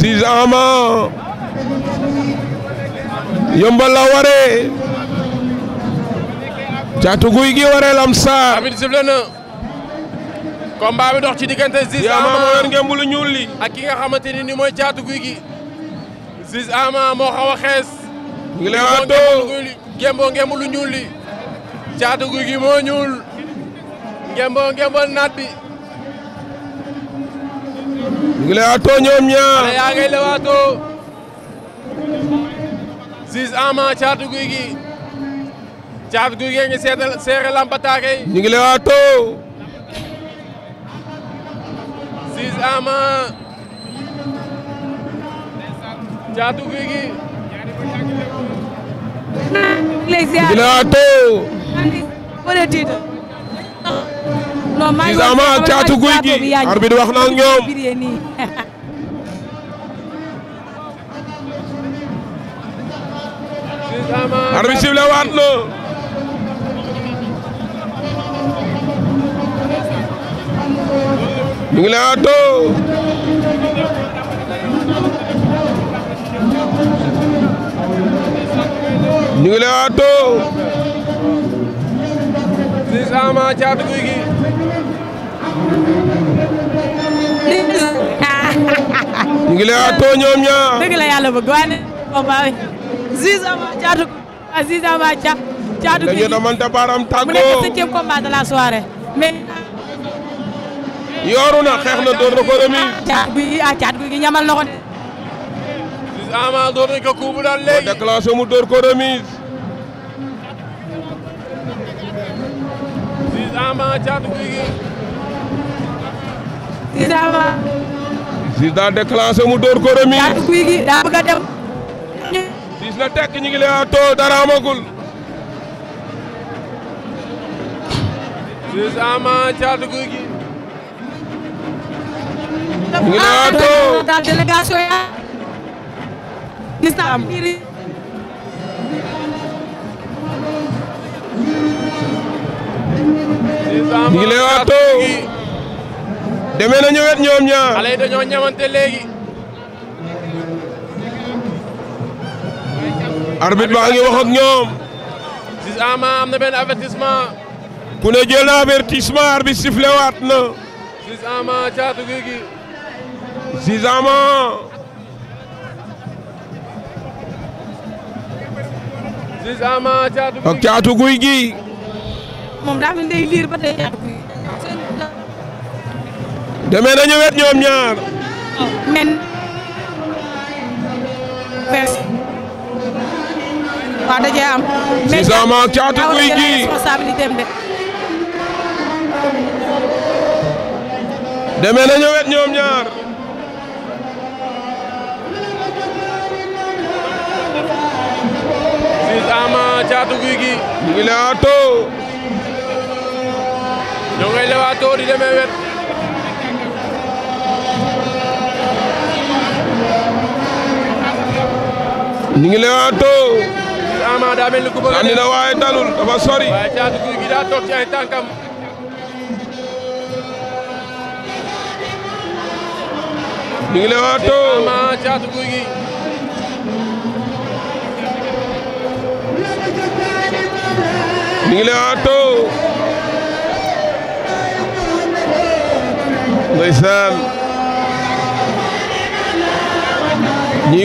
siis ama yombal la waree caatu guy gi waree lamsaar amit sifle na combat bi dox ci diggante siis ama moo yor ngemb lu ñuul li ak ki nga xamante ni ni mooy caatu guy gi siis ama moo xaw a xees ngi lay waatoo gemboo ngemb ñuul li caatu guy gi moo ñuul gemboo ngembal naat bi ñu ngi lewaatoo ñoom ñaar xale yaa ngay lewaatoo Ziz Ama Caatu Guy gi Caatu Guy gi ngi seetal seere lampataake yi ñu ngi lewaatoo Ziz Ama Caatu Guy gi ñu ngi lewaatoo Ciss Ama ak Caatu Guy gi arbitre wax na ak ñoom arbitre sifflé waat na ñu ngi lay waatoo ñu ngi lay waatoo ngi a atoo ñoom ñaar. dëgg la yàlla bëgg waaye nag combat bi Ama Thiatou Gouye Ziz Ama Thiatou Gouye. da ngeen a mënta baaraam tàggoo mu nekk septième combat de la soirée yooru na xeex na door na ko remis. Thiatou Gouye ah Thiatou Gouye ñamal na ko de. Ama door nañ ko kuubu daal léegi. déclenché mu ko remis. Ziz Ama Thiatou Gouye gi. Ziz Ama. Ziss daa déclenché mu dóor ko remis. daa guy gi daa na tekk ñu ngi lay too dara amagul. Ziss Ama Thiatou Gouye Gui. mu ngi deme na ñëwet ñoom ñaar xale yi dañoo ñamante léegi. arbitre baa ngi wax ñoom. Ziz Ama am na benn avertissement. ku ne jël na avertissement arbitre sifflé waat na. Ziz Ama caatu gi gi. Ziz Ama. caatu gi gi. demee nañu wet ñoom ñaar. men. waaw dajee am. mais Cissé ma caatu gi demee nañu wet ñoom ñaar. Cissé ma di demee wet. ñu ngi leewaatoo. Ama daa mel ni ku bëgg a def sori. waaye Caatu ngi leewaatoo Caatu Guy gi. ñu ngi leewaatoo. ndeysaan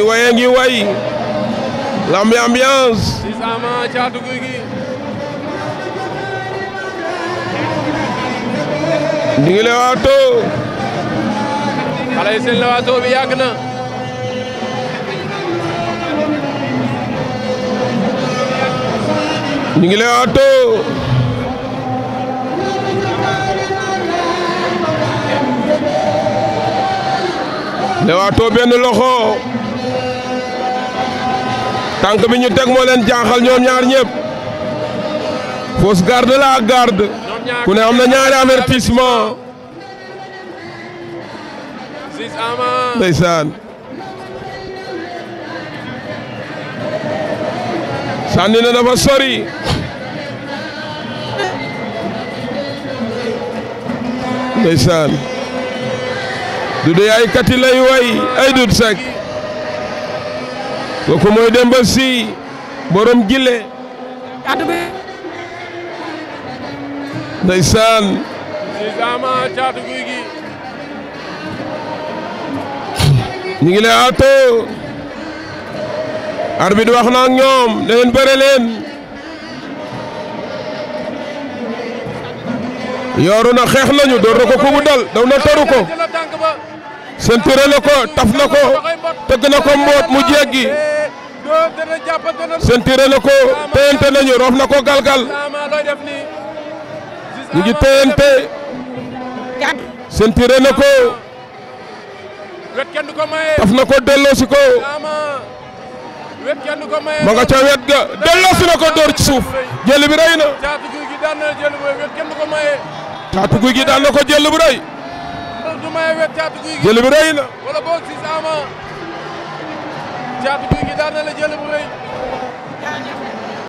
waye ngi way. lambi ambiance. Ciss Ama Caatu gi. ñu ngi leewaatoo. xale yi seen bi yàgg na. ñu ngi leewaatoo. leewaatoo benn loxo. tànk bi ñu teg moo leen jaaxal ñoom ñaar ñëpp fausse garde la ak garde ku ne am na ñaari avertissement ndeysaan sànni na dafa sori ndeysaan dudu yaay kati lay way ay dud sek kooku mooy Demba Sy borom gile kaddu bi ndeysaan ama caatu guy gi ñu ngi lay ato arbitre wax na ak ñoom da ngeen bëre leen yooru na xeex nañu door na ku mu dal daw na taru ko sentire la ko taf na ko tëgg na ko mboot mu jéggi sentiré na ko téyante nañu roof na ko galgal ñu ngi téyante sentiré ko taf na ko delloosi ko ma nga ca wet ga delloosi na ko dóor ci suuf jël bi na caatu guy gi daan ko jël bu rey jël na caatu guy gi daan na la jël bu rëy